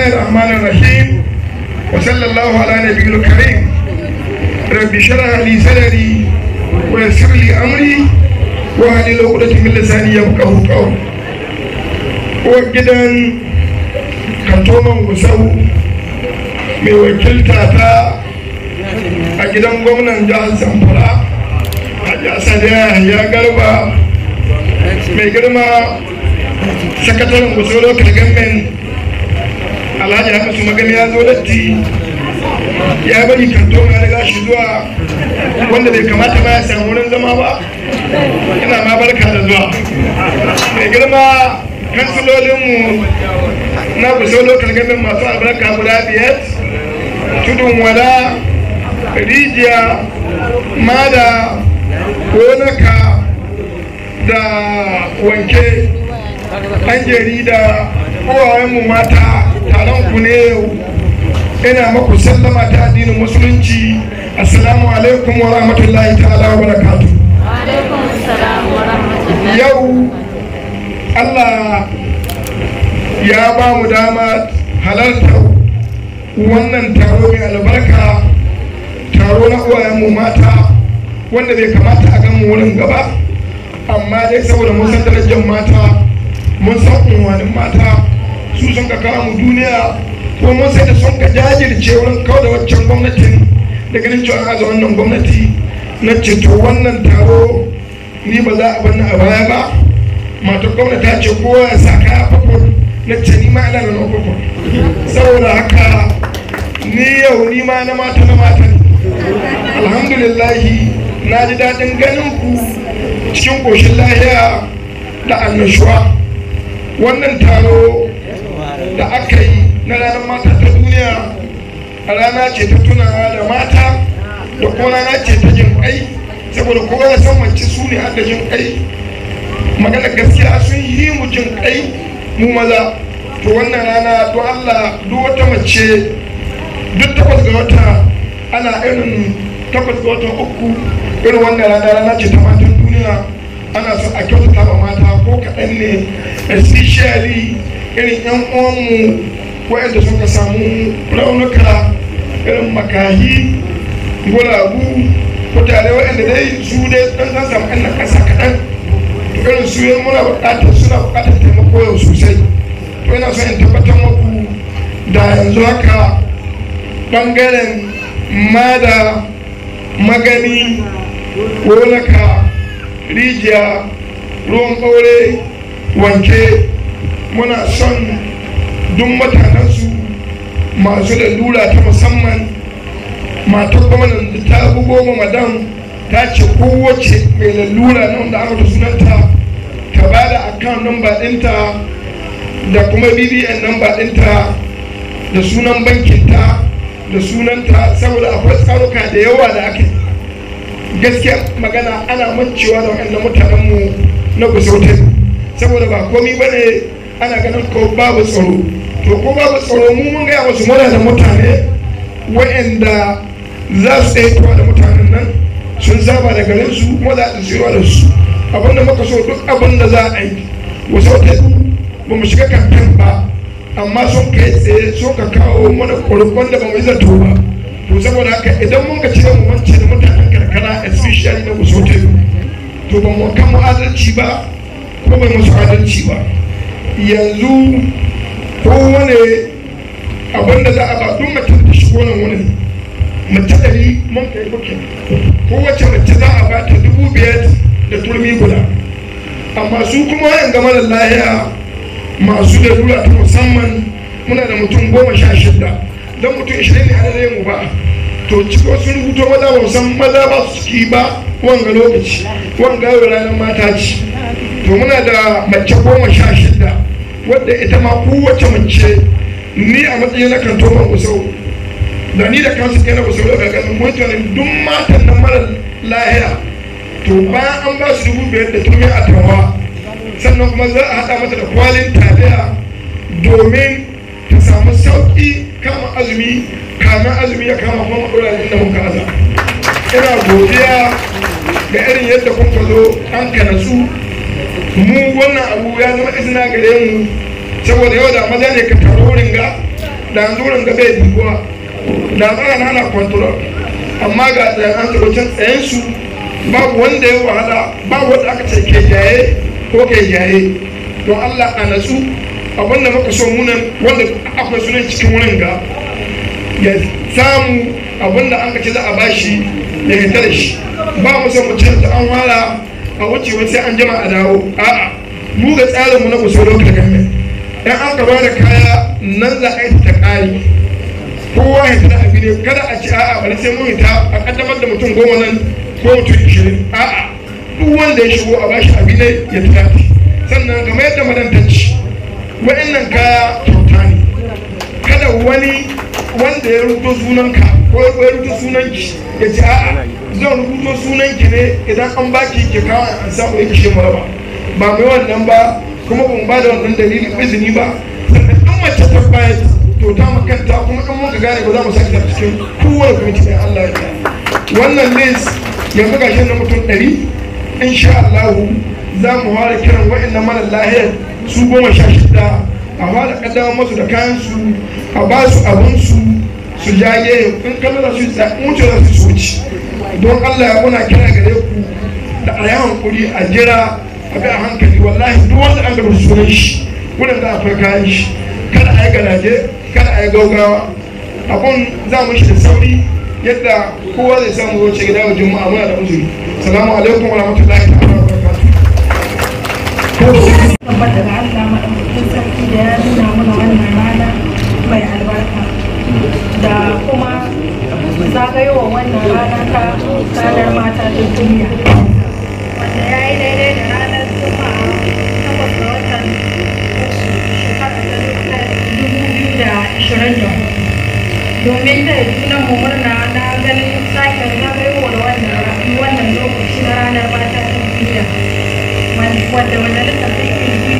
الله الرحمن الرحيم وصلى الله على نبي الكريم رب شرح لي صدري ويسر لي أمري وهل العقدة من لساني يفقه قولي وجدا كتوما وسو mai wakilta ta a gidan gwamnan jihar zamfara a jasa da ya garba mai girma sakataren gusa alhaji haka su magana ya zo latti ya bari kanto na riga shi zuwa wanda bai kamata ba ya samu wurin zama ba ina ma barka da zuwa mai girma kansulolinmu na kusa lokal gamin masu albarka guda biyar tudun wada rijiya mada gonaka da wanke an da kowayenmu mata taron ku ne yau ina maku sallama ta addinin musulunci assalamu alaikum wa rahmatullahi ta'ala wa barakatu yau allah ya ba mu dama halartar wannan taro mai albarka taro na mu mata wanda bai kamata a gan wurin gaba amma dai saboda mun san darajar mata mun san unwanin mata Susan ka ka mu duniya ko mun sai da son ka jajirce wurin kawo da waccan gwamnatin da ganin cewa ga wannan gwamnati na ceto wannan taro ni ba za a banna a baya ba matar gwamnati ta ce kowa ya sa kaya fafor na ce ni ma ina da na saboda haka ni yau ni ma na mata na mata alhamdulillahi na ji daɗin ganin ku cikin koshin lahiya da annashuwa wannan taro da aka yi na ranar mata ta duniya rana ce ta tunawa da mata da kuma rana ce ta jin kai saboda kowa ya san mace su ne har da jin kai magana gaskiya sun yi mu jin kai mu maza to wannan rana to allah duk wata mace duk takwas ga wata ana irin takwas ga watan uku irin wannan rana rana ce ta matan duniya ana so a kyautata ba mata ko kaɗan ne especially irin yan uwanmu waɗanda suka samu raunuka irin makahi gulabu mutane waɗanda dai su dai ɗan zan samu ɗan ƙasa kaɗan to irin su yi muna buƙatar suna buƙatar taimako yau sosai to ina so in tabbatar muku da yanzu haka ɓangaren mada magani gonaka rijiya ruwan ɓaure wanke muna son duk mutanensu masu da lura ta musamman matar da ta bugo ma madam ta ce kowace mai lalura na wanda aka sunanta ta ba da akan namba ɗinta da kuma bbn namba ɗinta da sunan bankinta da sunanta saboda akwai tsaruka da yawa da aka gaskiya magana ana mancewa da waɗannan mutanenmu na gusautar saboda ba komi ba ne ana ganin ko babu tsaro to ko babu tsaro mu mun gaya wasu muna da mutane wa'anda za su tsaye da mutanen nan sun zaba da garin su kuma za su tsira da su abin da muka so duk abin da za a yi wasu wata ba mu shiga kankan ba amma sun kai tsaye sun ka kawo mana kurkun da ba mu yi zato ba to saboda haka idan mun ka cire mu mance da mutanen karkara especially na wasu wata to ba mu kan mu adalci ba kuma bai musu adalci ba yanzu wane abinda za a ba duk mace da shi wani wani mace ɗari mun kai kuke wace mace za a ba ta dubu biyar da turmi guda amma su kuma wayan gama da laya masu da lura ta musamman muna da mutum goma sha shida don mutum ishirin ne a da mu ba to wasu rubuto maza ba san maza ba su ciki ba wanga lokaci wanga yau ranar mata ci to muna da mace goma sha shida wadda ita ma kowace mace ni a matsayin na kan tofa kusau da ni da kansu kai na kusau da kakasa mun duk matan na mara lahiya to bayan an ba su dubu biyar da tumi a tawa sannan kuma za a haɗa mata da kwalin tafiya domin azumi kamar azumi ya kama kuma maɗora inda mun kaza ina godiya da irin yadda kun ka zo an kana su mu wannan abu ya zama izina gare mu saboda yau da maza ne ka taro wurin ga da an zuwa ga bai dubuwa da tsara na ana kwantura amma ga tsayan an tsarocin su babu wanda ya wahala babu wanda aka ce ke jaye ko ke jaye don allah a natsu abinda muka so munan wanda akwai sunan cikin wurin ga ya samu abin da an ce za a bashi ya fita shi ba mu san mutum da an wala a wuce wani sai an jama a dawo a'a mu ga tsarinmu na usulun ta gami dan an ka da kaya nan za a yi ta kari kowa ya fita a ne kada a ci a'a bari sai mun ta a kaddamar da mutum goma nan ko mutum ishirin a'a duk wanda ya shigo a bashi abin ne ya fita sannan kamar yadda madantacci wa'annan kaya kyauta ne kada wani wanda ya rubuto sunan ka ko ya rubuto sunan ki ya ce a'a zan rubuto ki ne idan an baki ki kawo an samu ya kishe mu ba ba mai wannan ba kuma ban ba da wannan dalilin izini ba sannan in mace ta baya to ta makanta kuma in muka gane ba za mu sake cikin kowane kwamiti mai Allah ya wannan list yanzu ga shi na mutum ɗari insha Allah za mu ware kiran wa'annan mara lahiyar su goma sha shida amma da kaddamar masu da kayan a ba su abun su su jaye in kallon da su wuce da su wuce don allah muna kira gare ku da a yawan kuri a jira a bi a hankali wallahi duk wanda an gaba sunan shi wurin da aka kayan shi kada a yi garaje kada a yi gaugawa abun za mu shi da sauri yadda kowa zai samu wuce gida wa juma'a muna da uzuri salamu alaikum wa rahmatullahi wa barakatuh Saboda da Allah sarki da ya nuna mana wannan rana mai albarka da kuma zagayowa wannan rana ta ranar mata ta Wanda ya yi daidai da ranar domin murna na ganin sake zagayowa wannan lokaci na ranar mata Cuando what el were